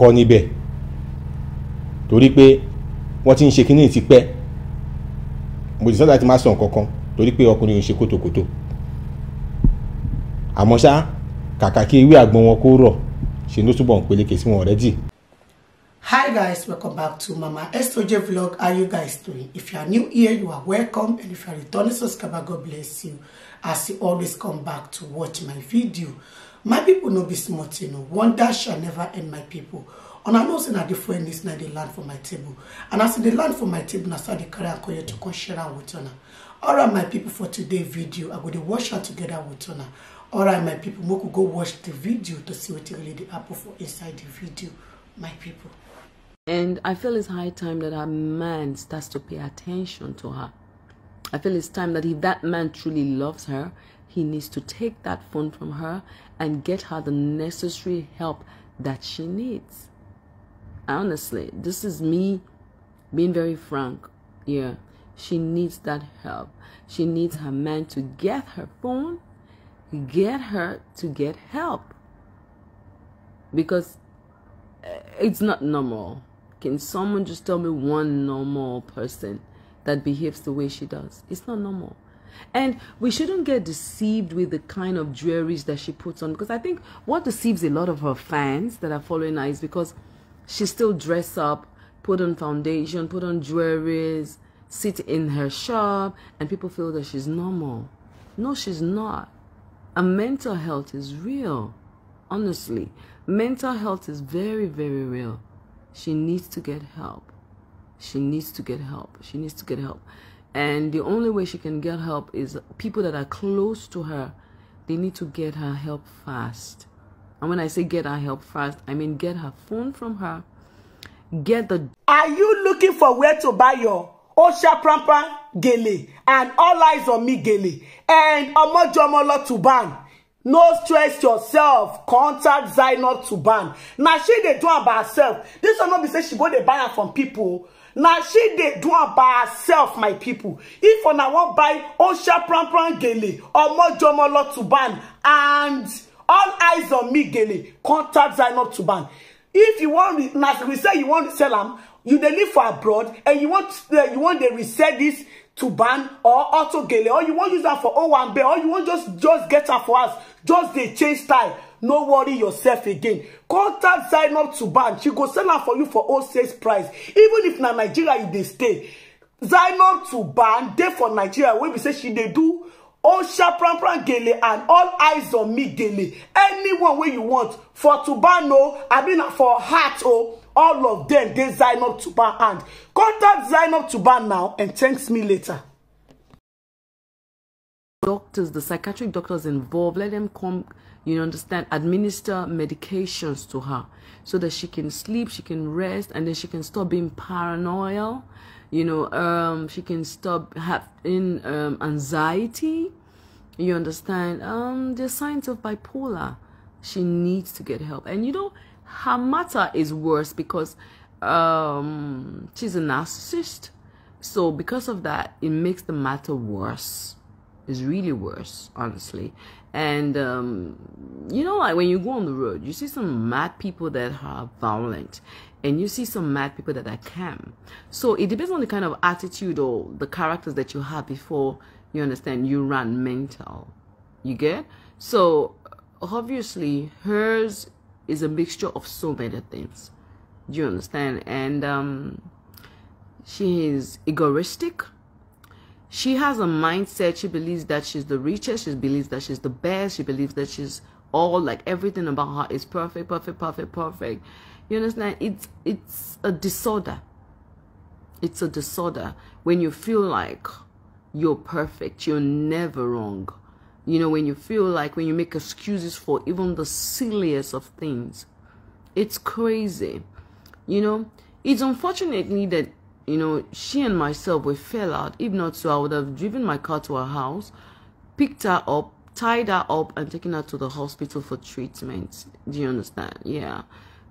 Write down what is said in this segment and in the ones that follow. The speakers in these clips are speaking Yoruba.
kọ́ níbẹ̀ torí pé wọ́n ti ń ṣe kínní ti pẹ́ mo ti sọ́dọ̀ àti má sàn kankan torí pé ọkùnrin ò ṣe kótókótó àmọ́ ṣá kàkà kí ewé àgbọn wọn kó rọ̀ ṣe ló túbọ̀ ń peléke sí wọn already. Hi guys, welcome back to Mama Soj Vlog. How you guys doing? If you are new here, you are welcome. And if you are returning subscriber, God bless you. As you always come back to watch my video. my people no be smart you know wonder shall never end my people and i know say na different things na dey land for my table and as e land for my table na so the dey carry am come here to come share am with una alright my people for today's video i go dey watch am together with una alright my people make we go watch the video to see what really the apple for inside the video my people. and i feel it's high time that her man starts to pay attention to her i feel it's time that if that man truly loves her he needs to take that phone from her and get her the necessary help that she needs. Honestly, this is me being very frank. Yeah, she needs that help. She needs her man to get her phone, get her to get help. Because eh, it's not normal. Can someone just tell me one normal person that behaves the way she does? It's not normal. And we shouldn't get deceived with the kind of jewelries that she puts on because I think what deceives a lot of her fans that are following her is because she still dress up, put on foundation, put on jewelries, sit in her shop, and people feel that she's normal. No, she's not. And mental health is real. Honestly, mental health is very, very real. She needs to get help. She needs to get help. She needs to get help. and the only way she can get help is people that are close to her they need to get her help fast and when i say get her help fast i mean get her phone from her get the are you looking for where to buy your osha prampa gele and all eyes on me gele and omojomolo to ban no stress yourself contact zainab to ban na she dey do am by herself this one no be say she go dey buy am from people Now she dey do it by herself my people. if una wan buy osha pranpran gele or omojomola tuban and all eyes on me gele contact zainab tuban if you want, as we say you wan sell them, you dey live for abroad and you want eh, you wan dey resell to ban or auto gele or you want use that for O owambe or you want just just get am for us, just dey change style no worry yourself again contact Sign Up to tuban she go sell am for you for wholesale price even if na nigeria you dey stay to tuban dey for nigeria wey be say she dey do osha pranpran gele and all eyes on me gele anyone wey you want for tuban o oh, i mean for heart o oh, all of dem dey to tuban hand contact Sign Up to tuban now and thanks me later doctors, the psychiatric doctors involved, let them come you understand administer medications to her so that she can sleep she can rest and then she can stop being paranoid you know um she can stop having um anxiety you understand um the signs of bipolar she needs to get help and you know her matter is worse because um she's a narcissist so because of that it makes the matter worse it's really worse honestly and um, you know, like when you go on the road, you see some mad people that are violent, and you see some mad people that are calm. So it depends on the kind of attitude or the characters that you have before you understand you run mental. You get so obviously hers is a mixture of so many things. Do you understand? And um, she is egoistic she has a mindset. She believes that she's the richest. She believes that she's the best. She believes that she's all like everything about her is perfect, perfect, perfect, perfect. You understand? It's it's a disorder. It's a disorder when you feel like you're perfect. You're never wrong. You know, when you feel like when you make excuses for even the silliest of things. It's crazy. You know, it's unfortunately that you know, she and myself, we fell out. If not so, I would have driven my car to her house, picked her up, tied her up, and taken her to the hospital for treatment. Do you understand? Yeah.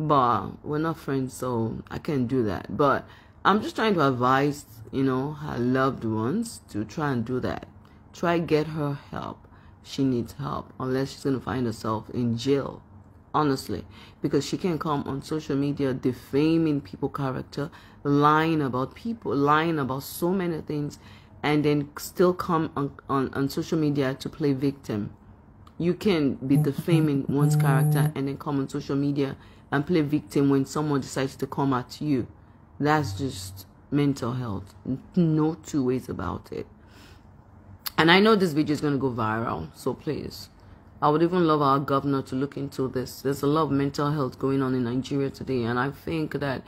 But we're not friends, so I can't do that. But I'm just trying to advise, you know, her loved ones to try and do that. Try get her help. She needs help unless she's going to find herself in jail honestly, because she can come on social media defaming people' character, lying about people, lying about so many things, and then still come on, on, on social media to play victim. You can be defaming one's character and then come on social media and play victim when someone decides to come at you. That's just mental health. No two ways about it. And I know this video is going to go viral, so please I would even love our governor to look into this. There's a lot of mental health going on in Nigeria today, and I think that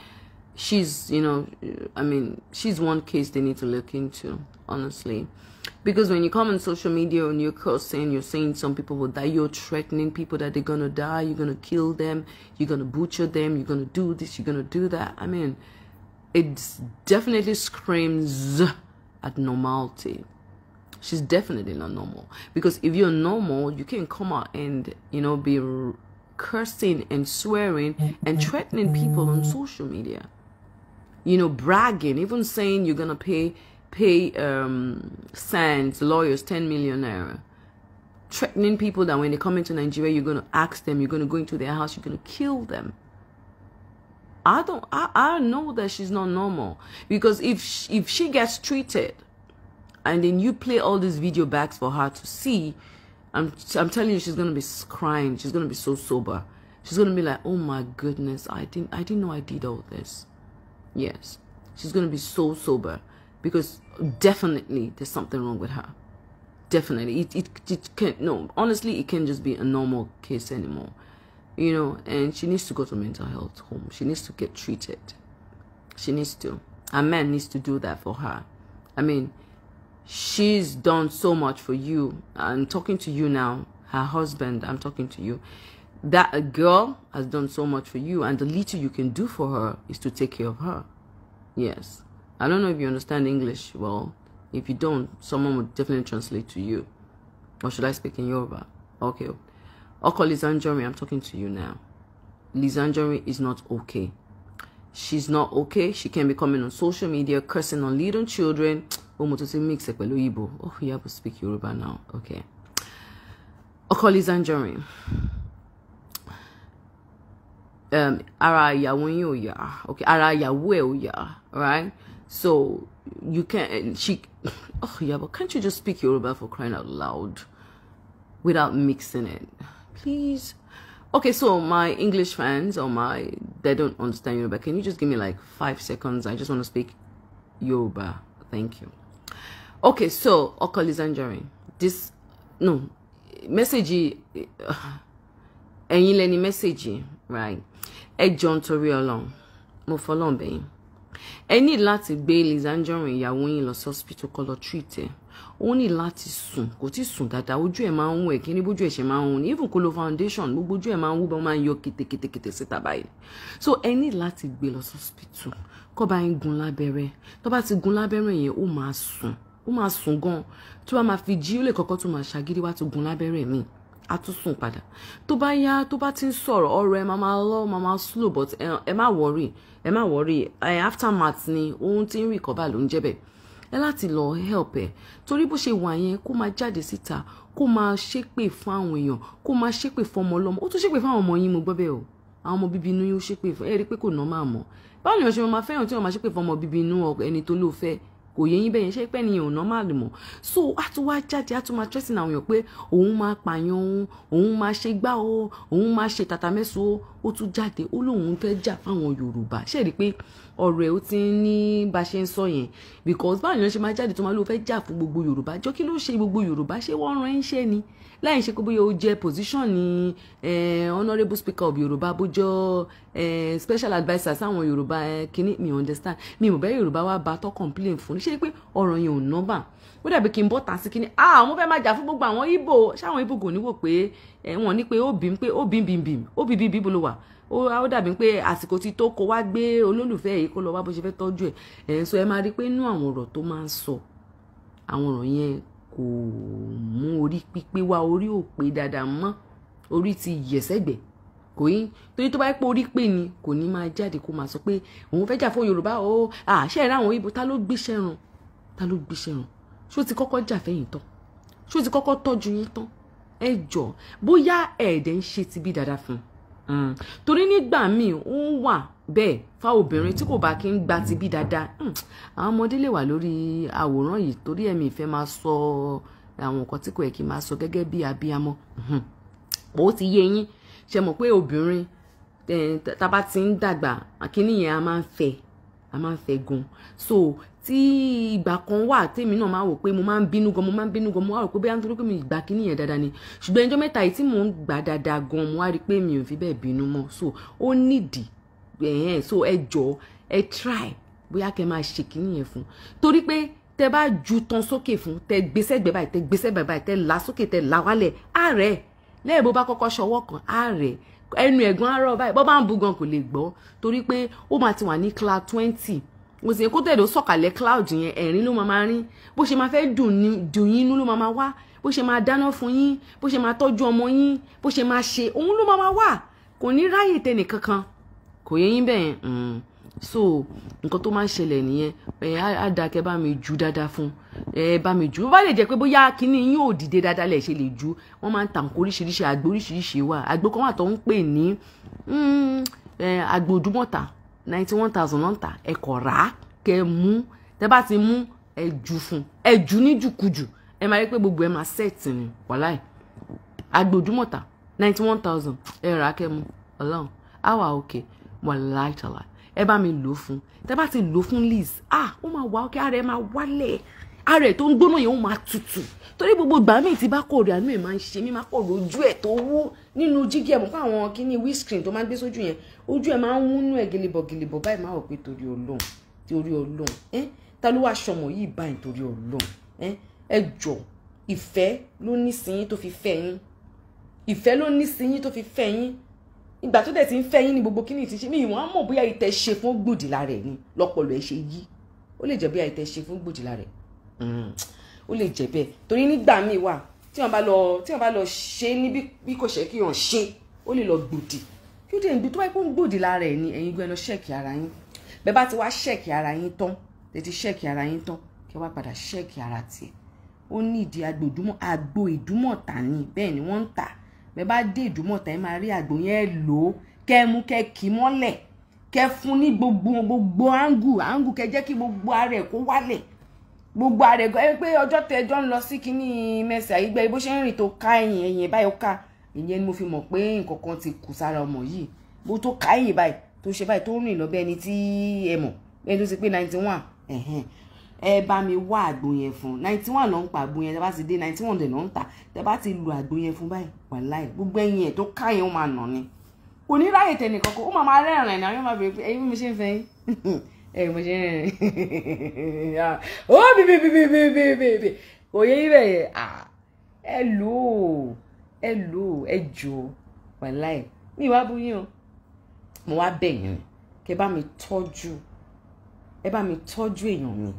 she's, you know, I mean, she's one case they need to look into, honestly. Because when you come on social media and you're cursing, you're saying some people will die, you're threatening people that they're going to die, you're going to kill them, you're going to butcher them, you're going to do this, you're going to do that. I mean, it definitely screams abnormality she's definitely not normal because if you're normal you can come out and you know be cursing and swearing and threatening people on social media you know bragging even saying you're gonna pay pay um sands lawyers ten million naira, threatening people that when they come into nigeria you're gonna ask them you're gonna go into their house you're gonna kill them i don't i, I know that she's not normal because if she, if she gets treated and then you play all these video backs for her to see i'm i'm telling you she's gonna be crying she's gonna be so sober she's gonna be like oh my goodness i didn't i didn't know i did all this yes she's gonna be so sober because definitely there's something wrong with her definitely it, it, it can't no honestly it can't just be a normal case anymore you know and she needs to go to mental health home she needs to get treated she needs to A man needs to do that for her i mean she's done so much for you. I'm talking to you now, her husband, I'm talking to you. That a girl has done so much for you, and the little you can do for her is to take care of her. Yes. I don't know if you understand English well. If you don't, someone would definitely translate to you. Or should I speak in Yoruba? Okay. okay Lizanjori, I'm talking to you now. Lizanjori is not okay she's not okay she can be coming on social media cursing on leading children ohun tó oh you have to speak Yoruba now okay Ọkọ̀lí Zanjorin um, ara ya yín ò yá okay ara ya ẹ ò yá right so you can she oh yeah but can't you just speak Yoruba for crying out loud without mixing it please okay so my english fans or my they don't understand yoruba can you just give me like five seconds i just want to speak yoruba thank you okay so ọkọ Lizanjare this no message ẹ̀yin lẹni message right John to real long. mo fọlọ́run bẹ̀yín ẹ ní láti gbé Lizzy Anjorin ìyàwó yín lọ sọ́spítù kọ́ lọ treat ẹ̀ ó ní láti sùn kò tí sùn dáadáa ojú ẹ̀ máa ń wọ̀ kí ní bójú ẹ̀ ṣe máa ń wọ̀ ní even kó lo foundation gbogbo ojú ẹ̀ máa ń wú bẹ́ẹ̀ máa ń yọ kìtìkìtìkìtì síta báyìí so ẹ ní láti gbé lọ sọ́spítù kọ́ bá ń gun lábẹ́rẹ́ tó bá ti gun lábẹ́rẹ́ yẹn ó máa sùn ó máa sùn gan tó bá máa fi jí ó lè kọ́kọ́ tó máa ṣàgídí wá tó gun lábẹ́rẹ́ míì a tún sùn padà tó bá yá tó bá ti ń sọ̀rọ̀ ọ̀rọ̀ ẹ máa lọ máa slow but ẹ má wọrí ẹ má wọrí aftermath ni ohun tí ń recover ló ń jẹ́ bẹ́ẹ̀ ẹ láti lọ help ẹ torí bó ṣe wà yẹn kó máa jáde síta kó máa ṣépè fún àwọn èèyàn kó máa ṣépè fún ọmọ ọlọ́mọ ó tún ṣépè fún àwọn ọmọ yín mo gbọ́ bẹ́ẹ̀ o àwọn ọmọ bíbí inú yóò ṣépè fún ẹ rí i pé kò ná máa mọ̀ báwo ni wọ́n ṣe máa fẹ́ràn tí wọ́n máa ṣépè fún ọmọ bíbí inú ẹni tó lóò fẹ́ẹ́ kò yẹ yín bẹ́yẹn ṣé pẹ́ ni èèyàn normal mọ̀ so a tún wá jáde a tún máa tẹ́sí àwọn èèyàn pé òun máa pààyàn òun òun máa ṣe gbá o òun máa ṣe tàtàmẹ́sọ ó tún jáde ó lóun fẹ́ jà fáwọn yorùbá ṣe rí i pé ọ̀rọ̀ ẹ̀ ó ti ní bá ṣe ń sọ yẹn because báwọn èèyàn ṣe máa jáde tó máa lóun fẹ́ jà fún gbogbo yorùbá jọ kí ló ṣe gbogbo yorùbá ṣé wọ́n ran ẹ́ ni láì ṣe pé bóyá ó jẹ position ni honourable speaker of yorùbá bójọ special adviser sáwọn yorùbá kínní mi understand mi ò bẹ́ yorùbá wá ba tó complain fún ṣe pé ọ̀rọ̀ yẹn ò nọ́bà ó dàbí kí n bọ́ tà sí kínní ah mo fẹ́ máa jà fún gbogbo àwọn ibo ṣáwọn ibo kò ní wò pé ẹ wọn ní pé ó bìm pé ó bìm bìm bìm ó bìm bìm bìm ló wà ó dàbí pé àsìkò tí tó kó wá gbé olólùfẹ́ yìí kó lọ wá bó ṣe fẹ́ tọ́jú ẹ̀ ẹ̀ ń sọ ẹ máa rí i pé inú àwọn ọ̀rọ̀ tó máa ń sọ àwọn ọ̀rọ̀ yẹn kò mú orí pípé wá orí ò pé dáadáa mọ́ orí ti yẹ̀sẹ̀gbẹ̀ kò yín torí tó bá pé orí pé ni kò ní máa jáde kó máa sọ pé òun fẹ́ jà fún Yorùbá o àṣẹ ìrà àwọn ibo ta ló gbéṣẹ́ ràn ta ló gbéṣẹ́ ràn ṣó ti kọ́kọ́ jà fẹ́yìn tán ṣó ti kọ́kọ́ tọ́jú yín tán ẹ jọ bóyá ẹ̀ẹ́dẹ̀ ń ṣe ti bí dáadáa fún un mm. torí nígbà míì ó ń wà bẹ́ẹ̀ fa obìnrin tí kò bá kí ń gba ti bí dáadáa mm. àwọn ọmọdé lè wà lórí àwòrán yìí torí ẹ̀mí ìfẹ́ máa sọ àwọn nǹkan tí kò yẹ kí n máa sọ gẹ́gẹ́ bí abiyamọ mm-hmm. ó ti yé yín ṣe mọ̀ pé obìnrin tá a bá ti ń dàgbà àkíní yẹn a máa ń fẹ́ a máa ń fẹ́ gan so tí ìgbà kan wà tèmi náà máa wò pé mo máa ń bínú gan mo máa ń bínú gan mo wá rò pé bóyá nítorí pé mi ìgbà kíní yẹn dáadáa ni ṣùgbọ́n ẹjọ́ mẹ́ta yìí tí mò ń gbà dáadáa gan mo wá rí i pé mi ò fi bẹ́ẹ̀ bínú mọ́ so ó nídìí ẹ̀hẹ́n so ẹ jọ ẹ try bóyá kẹ́ máa ṣe kíní yẹn fún torí pé tẹ bá ju tán sókè fún tẹ gbèsè gbẹ báyìí tẹ gbèsè gbẹ báyìí tẹ là sókè tẹ là wálẹ̀ àárẹ̀ lẹ́yìn bó bá kọ́kọ́ ṣọwọ́ kan àárẹ̀ ẹnu ẹ̀gbọ́n arọ báyìí bọ́ bá ń bu gan kò lè gbọ́ torí pé ó máa ti wà ní cloud twenty mo sì yẹ kó tẹ̀dọ̀ sọ̀kalẹ̀ cloud yẹn ẹ̀rín ló máa rín bó ṣe máa fẹ́ dùn yín inú ló máa wá bó ṣe máa dáná fún yín bó ṣe máa tọ́jú ọmọ yín bó ṣe máa ṣe òun ló máa wà kò ní ráyè tẹnì kankan kò yẹ yín bẹ́ẹ̀ mm. so nǹkan tó máa ń ṣẹlẹ̀ nìyẹn ẹ̀ á dákẹ́ bá mi jù dáadáa fún un ẹ bá mi jù bó bá lè jẹ́ pé bóyá kinní yín ò dìde dáadáa lẹ ṣe lè jù wọ́n máa ń ta nǹkan oríṣiríṣi àgbo oríṣiríṣi wà àgbo kan wà tó ń pè ní hmm, àgbo òdúmọ̀tà ninety one thousand ló ń tà ẹ kọ̀ rà á kẹ mú tẹ bá ti mú ẹ jù fún ẹ jù ní jùkújù ẹ máa rí pé gbogbo ẹ máa sẹ́ẹ̀tì ni wàláì àgbo òdúmọ̀tà ninety one thousand ẹ rà á kẹ mú ọlọ́run àwa òkè wàláì tàlà ẹ bá mi lò ó fún tẹ bá ti lò ó fún liz ah ó máa wà ókè ara ẹ máa wálẹ̀ ara ẹ̀ tó ń gbóná yẹn ó máa tutù torí gbogbo ìgbà míì tí bá kọ̀ rí àánú ẹ̀ máa ń ṣe mí máa kọ̀ lójú ẹ̀ tó wú nínú jígí ẹ̀ mọ̀ fún àwọn kíní windscreen tó máa ń gbé sójú yẹn ojú ẹ̀ máa ń wúnú ẹ̀ gèlèbọ̀ gèlèbọ̀ báyìí máa wọ̀ pé torí Ọlọ́run torí Ọlọ́run ẹ́ ta ló wá aṣọ mọ̀ yìí báyìí torí Ọlọ́run ẹ́ ẹ jọ ìfẹ́ ló ní síyín tó fi fẹ́ yín ìfẹ́ ló ní síyín tó fi fẹ́ yín ìgbà tó dẹ̀ ti ń fẹ́ yín ní gbogbo kíní ti ṣe mí ìwọ̀n á mọ̀ bóyá ìtẹ̀ ṣe fún gbòdìlà rẹ̀ ni lọ́pọ̀lọ́ ẹ̀ ṣe yí ó lè jẹ́ bóyá ìtẹ̀ ṣe fún gbòdìlà rẹ̀ Mm. ó lè jẹ́ bẹ́ẹ̀ torí nígbà míì wà tí wọn bá lọ tí wọn bá lọ ṣe ní bí kò ṣe kí wọn ṣe ó lè lọ gbòdì kí ó dé ibi tó wáyé kó ń gbòdì lára ẹ̀ ni ẹ̀yin gbé ẹ lọ ṣẹ́ẹ̀kì ara yín bẹ́ẹ̀ bá ti wá ṣẹ́ẹ̀kì ara yín tán tètè ṣẹ́ẹ̀kì ara yín tán kí wọ́n bá padà ṣẹ́ẹ̀kì ara tiẹ̀ ó ní ìdí agbo ìdúmọ̀ agbo ìdúmọ̀tà ni bẹ́ẹ̀ ni wọ́n ń tà bẹ́ẹ̀ bá dé ìdúmọ̀tà ẹ máa rí àgbo yẹn lò ó kẹ́ mú kẹ́ kì í mọ́lẹ̀ kẹ́ fún ní gbogbo gbogbo áńgù áńgù kẹ́ ẹ kí gbogbo ara ẹ̀ kó wálẹ̀ gbogbo àrẹ̀gọ́ ẹ pé ọjọ́ tẹ ẹjọ́ ń lọ sí kínní mẹ́sì àyígbẹ́ bó ṣe ń rìn tó ká ẹ̀yìn ẹ̀yìn báyìí ó ká ìyẹn ni mo fi mọ̀ pé nǹkan kan ti kù sára ọmọ yìí bó tó ká ẹ̀yìn báyìí tó ṣe báyìí tó rìn lọ bẹ́ẹ̀ ni tí ẹ mọ̀ bẹ́ẹ̀ tó ti pé ninety one ẹ̀hẹ́n ẹ bá mi wá àgbo yẹn fún ninety one ló ń pa àgbo yẹn tẹ bá ti dé ninety one dẹ̀ ló ń tà tẹ bá ti lu àgbo yẹn fún báyìí wàláì gbogbo ẹ̀yìn ẹ̀ tó ká yẹn ó máa nà ni kò ní ráyè tẹnìkan kó ó máa máa rẹ́rìn-ín àwọn yóò máa bèrè pé ẹ̀yin bí mo ṣe ń fẹ́ yín ẹ mo ṣe ń ó bèbè bèbè bèbè bèbè kò yẹ ibẹ̀ yẹ ẹ lò ó ẹ lò ó ẹ jò ó wàláì mi wá bú yín o mo wá bẹ̀ yín kẹ bá mi tọ́jú ẹ bá mi tọ́jú èèyàn mi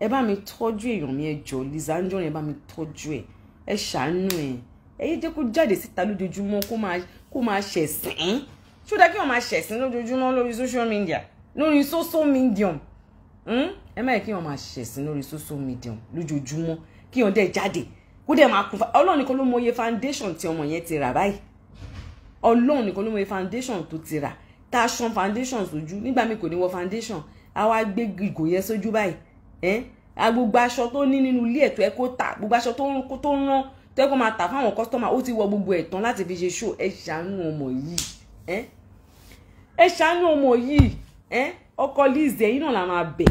ẹ bá mi tọ́jú èèyàn mi ẹ jọ Lizzy Anjorin ẹ bá mi tọ́jú ẹ ẹ ṣàánú ẹ ẹyí jẹ́ kó jáde síta lójoojúmọ́ kó máa ṣẹ̀sìn ṣó dáa kí wọ́n máa ṣẹ̀sìn lójoojúmọ́ lórí social media lórí social media hmm? ẹ má yẹ kí wọn máa ṣẹ̀sìn lórí social media lójoojúmọ́ kí wọn dẹ̀ jáde kó dẹ̀ máa kún ọlọ́run nìkan ló mọye foundation tí ọmọ yẹn ti rà báyìí ọlọ́run nìkan ló mọye foundation tó ti rà tá a ṣan foundation sójú nígbà mi kò ní wọ foundation a wá gbé ìgò yẹn sójú báyìí ẹ gbogbo aṣọ tó ní nínú ilé ẹ̀ tó ẹ kó tà gbogbo aṣọ tó ń rán tó ẹ kó máa tà fáwọn kọ́sítọ́mà ó ti wọ gbogbo ẹ̀ tán láti fi ṣe ṣó ẹ ṣàánú ọmọ yìí ẹ ṣàánú ọmọ yìí Eh? ọkọ Lizzy ẹ̀yin náà la máa bẹ̀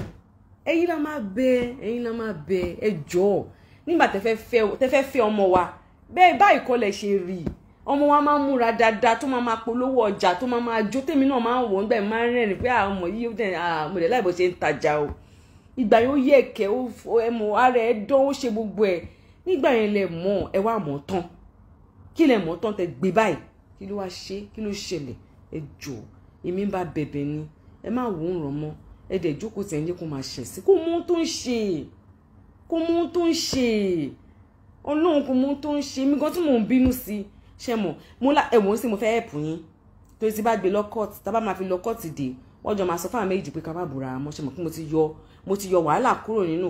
ẹ̀yin la máa bẹ̀ ẹ̀yin la máa bẹ̀ ẹ jọ̀ọ́ nígbà tẹ́fẹ́ fẹ́ ọmọ wa bẹ́ẹ̀ báyìí kọ́ lẹ ṣe rí ọmọ wa máa ń múra dáadáa tó máa máa polówó ọjà tó máa máa jó tèmi náà máa ń wọ̀ nígbà máa ń rẹ́rìn pé àwọn ọmọ yìí mo lè láìbọ̀ ṣe ń tajà o ìgbà yóò yẹ ẹ̀kẹ́ ẹmọ ara ẹ̀ dán ó ṣe gbogbo ẹ̀ nígbà yẹn lẹ mọ̀ ẹ wá mọ̀ tán kí lẹ mọ̀ tán tẹ gbé báyìí kí ló wá ṣe kí ló ṣẹlẹ̀ ẹ jọ̀ọ́ èmi ń bá bẹ̀bẹ̀ ni ẹ má wò ó ràn mọ́ ẹ dẹ̀ jókòó tẹ̀ ní kó máa ṣẹ̀ sí kó mú tó ń ṣe kó mú tó ń ṣe ọlọ́run kó mú tó ń ṣe mí gan tí mò ń bínú sí ṣe mọ̀ mo la ẹ̀wọ̀n sí mo fẹ́ ẹ̀pù yín tó ti bá gbé lọ kọ́ọ̀tì tá bá máa fi lọ kọ́ọ̀tì dé wọ́n jọ máa sọ fún àwọn méjì pé ká bá mọ́ ṣe mọ̀ pé mo ti yọ mo ti yọ wàhálà kúrò nínú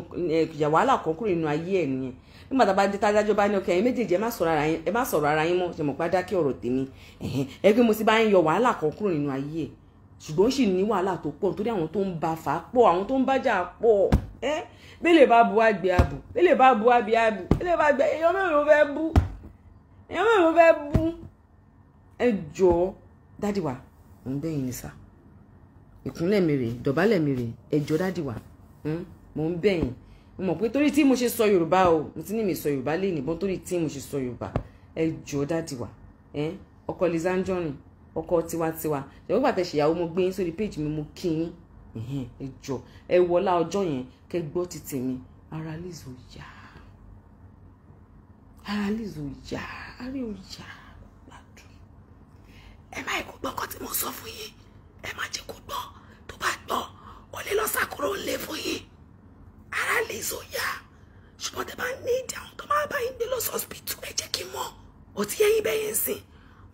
ìyà wàhálà kan kúrò nínú ayé ẹ̀ nìyẹn nígbà tá a bá dé tá bá ní ọkẹ́ ẹ̀yin méjèèjì ẹ má sọ̀rọ̀ ara yín mọ́ ṣe mọ̀ pé á dákẹ́ ọ̀rọ̀ tèmi ẹ pé mo ti bá ń yọ wàhálà kan kúrò nínú ayé ẹ̀ ṣùgbọ́n sì ní wàhálà tó pọ̀ nítorí àwọn tó ń ba fà á pọ̀ àwọn tó ń bájà pọ̀ ẹ́ bẹ́lẹ̀ bá bu àgbẹ̀ àbù bẹ́lẹ̀ bá bu àgbẹ̀ àbù bẹ́lẹ̀ bá gbẹ èèyàn mẹ́rin ló fẹ́ bú èèyàn mẹ́rin ló fẹ́ bú ẹ jọ dádì wa ń bẹ̀yìn ni sà ìkúnlẹ̀ mi rèé dọ̀bálẹ̀ mi rèé ẹ jọ dádì wa mò hmm, ń bẹ̀yìn mo mọ̀ pé torí tí mo ṣe sọ Yorùbá o mo ti ní mi sọ Yorùbá lé nìbọn torí tí mo ṣe sọ Yorùbá ẹ jọ dádì wa ọkọ Lizzy ọkọ tiwantiwa ṣùgbọ́n gbàtẹ́ ṣèyàwó mo gbé yín sórí péjì mi mo kí yín ẹjọ ẹ wọlá ọjọ́ yẹn kẹ́ gbọ́ ti mi. ara Lizzo yá ara Lizzo yá ara ò yá gbàdùn ẹ má ikú gbọ́ kọ́ tí mo sọ fún yín ẹ má jẹ́ kó gbọ́ tó bá gbọ́ ó lè lọ sàkóró ńlẹ̀ fún yín ara Lizzo yá ṣùgbọ́n tẹ́ bá ní ìdí àwọn tó máa bá yín gbé lọ sọ́spítù ẹ jẹ́ kí n mọ̀ ó ti yẹ yín bẹ́yẹn sìn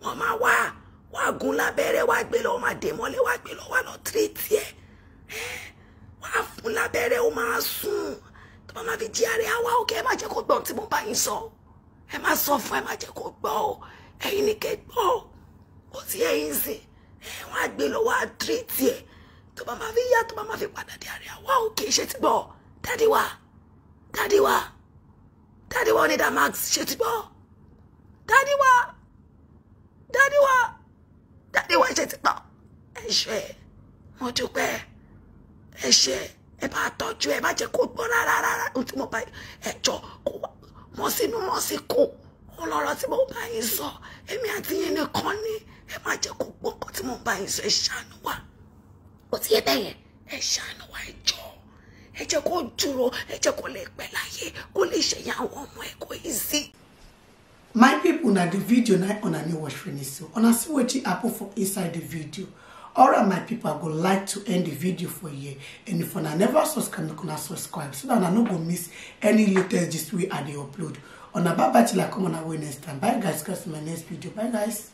wọ́n máa wá wàá gún lábẹ́rẹ́ wàá gbé lọ ó máa dè mọ́lẹ̀ wàá gbé lọ wàá lọ tírètì ẹ̀ wàá fún lábẹ́rẹ́ ma máa sùn tó bá máa fi jí ààrẹ àwa òkè ẹ má jẹ́ kó gbọ́ tí mo bá yín sọ ẹ má sọ fún ẹ má jẹ́ kó gbọ́ ọ ẹ̀yin ni kẹ́ gbọ́ ó ti ẹ̀yin sìn wa. wàá gbé lọ wàá tírètì ẹ̀ tó fi yá tó bá máa fi padà dé ààrẹ àwa òkè ṣe ti gbọ́ dádì wa Daddy wa dádì wa onídàá max ṣe ti bo. Daddy wa Daddy wa dáadé wá ṣe ti pọ̀ ẹ ṣe mo dúpẹ́ ẹ ṣe ẹ bá tọ́jú ẹ má jẹ́ kó gbọ́ rárá rárá ohun tí mo bá ẹ jọ kó wá mọ́ sínú mọ́ sí kó ọlọ́rọ̀ tí mo bá yín sọ èmi àti yín nìkan ni ẹ má jẹ́ kó gbọ́ nǹkan tí mo bá yín sọ ẹ ṣàánú wa kò sí ẹbẹ̀ yẹn ẹ ṣàánú wa ẹ jọ ẹ jẹ́ kó dúró ẹ jẹ́ kó lè pẹ́ láyé kó lè ṣèyàn àwọn ọmọ ẹ kó yìí sí my people na the video na una new watch finish so una see wetin happen for inside the video all right my people i go like to end the video for here and if una never subscribe make una subscribe so that una no go miss any latest gist wey i the upload una bye bye till i come una way next time bye guys guys my next video bye guys